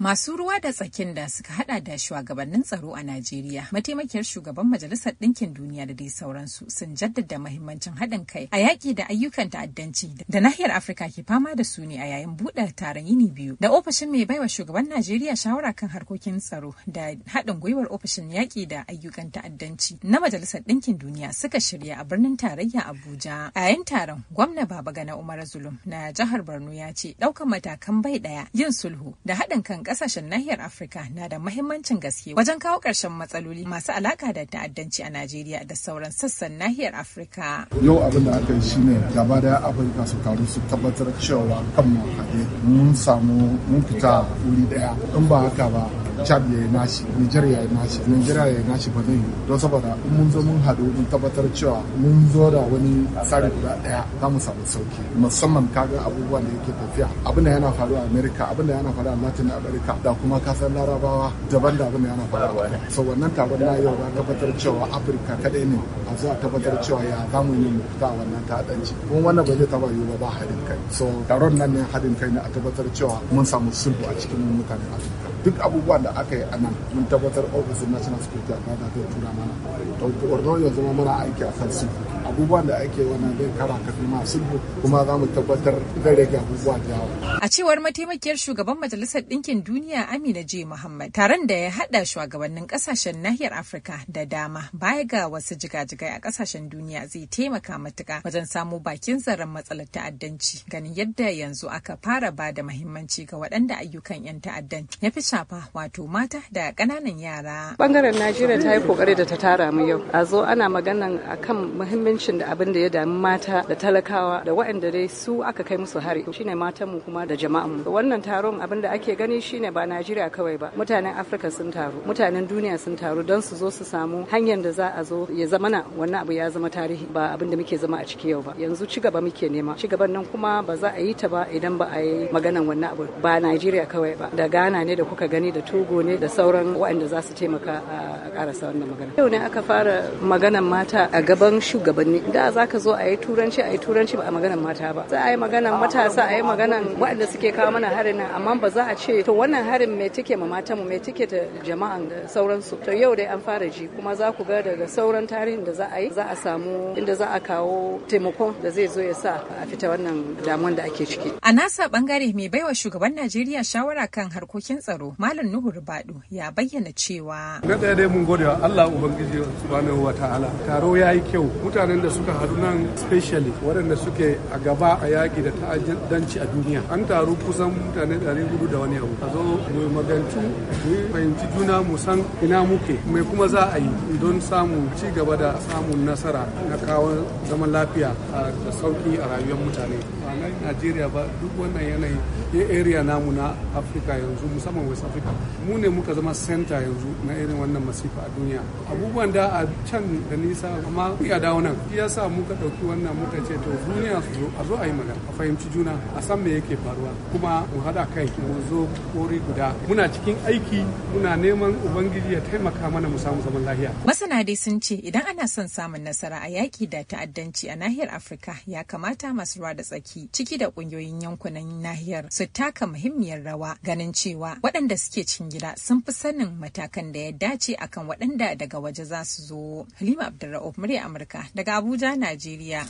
Masu ruwa da tsakin da suka hada da shugabannin tsaro a Najeriya, mataimakiyar shugaban Majalisar Ɗinkin Duniya da dai sauransu sun jaddada mahimmancin haɗin kai a yaƙi da ayyukan ta'addanci da nahiyar Afirka ke fama da su ne a yayin buɗe taron yini biyu da ofishin mai baiwa shugaban Najeriya shawara kan harkokin tsaro da haɗin gwiwar ofishin yaƙi da ayyukan ta'addanci na Majalisar Ɗinkin Duniya suka shirya a birnin tarayya Abuja. A yayin taron, gwamna Babagana Umar Zulum na jihar Borno ya ce ɗaukan matakan bai ɗaya yin sulhu da haɗin kan kasashen nahiyar Afirka na da mahimmancin gaske wajen kawo ƙarshen matsaloli masu alaka da ta'addanci a Najeriya da sauran sassan nahiyar Afirka. Yau abin da aka yi shine gaba da Afirka su taru su tabbatar cewa kan mu mun samu mun fita wuri daya in ba haka ba chad ya yi nashi nigeria ya yi nashi nigeria ya yi nashi ba zai yi don saboda in mun zo mun haɗu mun tabbatar cewa mun zo da wani tsari guda ɗaya za mu samu sauki musamman kaga abubuwan da yake tafiya abin da yana faru a america abin da yana faru a latin america da kuma kasar larabawa daban da abin da yana faru a so wannan taron na yau na tabbatar cewa afirka kaɗai ne a zuwa tabbatar cewa ya za mu yi mu fita a wannan ta'adanci kuma wannan ba zai taɓa yi ba haɗin kai so taron nan ne haɗin kai ne a tabbatar cewa mun samu sulhu a cikin mutanen afirka duk abubuwan da da aka yi anan mun tabbatar ofisin national security ba advisor ta tura mana to ordo ya zama mana aiki a kan sulhu abubuwan da ake wani zai kara kafin ma sulhu kuma za mu tabbatar zai rage abubuwa da yawa. a cewar mataimakiyar shugaban majalisar ɗinkin duniya amina j muhammad taron da ya haɗa shugabannin ƙasashen nahiyar afirka da dama baya ga wasu jigajigai a ƙasashen duniya zai taimaka matuƙa wajen samo bakin tsaron matsalar ta'addanci ganin yadda yanzu aka fara ba da mahimmanci ga waɗanda ayyukan 'yan ta'addan ya fi shafa wato wato mata da ƙananan yara. Bangaren Najeriya ta yi kokari da ta tara mu yau. A zo ana maganan akan muhimmancin da abin da ya dami mata da talakawa da waɗanda dai su aka kai musu hari shine matanmu mu kuma da jama'an mu. Wannan taron abin da ake gani shine ba Najeriya kawai ba. Mutanen Afirka sun taru, mutanen duniya sun taru don su zo su samu hanyar da za a zo ya zamana wannan abu ya zama tarihi ba abin da muke zama a ciki yau ba. Yanzu ci gaba muke nema. Ci gaban nan kuma ba za a yi ta ba idan ba a yi maganan wannan abu ba Najeriya kawai ba. Da Ghana ne da kuka gani da Togo ne da sauran waɗanda za su taimaka a karasa wannan magana yau ne aka fara maganan mata a gaban shugabanni da za ka zo a yi turanci a yi turanci ba a maganan mata ba za a yi maganan matasa a yi maganan waɗanda suke kawo mana harin nan amma ba za a ce to wannan harin mai take ma matan mu mai take ta jama'an da sauransu to yau dai an fara ji kuma za ku ga daga sauran tarihin da za a yi za a samu inda za a kawo taimakon da zai zo ya sa a fita wannan damuwan da ake ciki a nasa bangare mai baiwa shugaban Najeriya shawara kan harkokin tsaro Malam Nuhu Nuhu ya bayyana cewa. Na ɗaya dai mun gode wa Allah Ubangiji subhanahu wa ta'ala. Taro ya yi kyau. Mutanen da suka haɗu nan specially waɗanda suke a gaba a yaƙi da ta'addanci a duniya. An taru kusan mutane ɗari hudu da wani abu. A zo mu magantu mu fahimci juna mu san ina muke. Mai kuma za a yi don samu ci gaba da samun nasara na kawo zaman lafiya da sauki a rayuwar mutane. Ba ba duk wannan yanayi ya area namu na Afirka yanzu musamman West Africa mu ne muka zama senta yanzu na irin wannan masifa a duniya abubuwan da a can da nisa amma ya dawo nan ya sa muka ɗauki wannan muka ce to duniya su zo a zo a yi magana a fahimci juna a san me yake faruwa kuma mu haɗa kai mu zo kori guda muna cikin aiki muna neman ubangiji ya taimaka mana mu samu zaman lafiya masana dai sun ce idan ana son samun nasara a yaƙi da ta'addanci a nahiyar afirka ya kamata masu ruwa da tsaki ciki da ƙungiyoyin yankunan nahiyar su taka muhimmiyar rawa ganin cewa waɗanda suke cikin gida sun fi sanin matakan da ya dace akan waɗanda daga waje za su zo. Halima Abdulra'uf murya Amurka daga Abuja, Najeriya.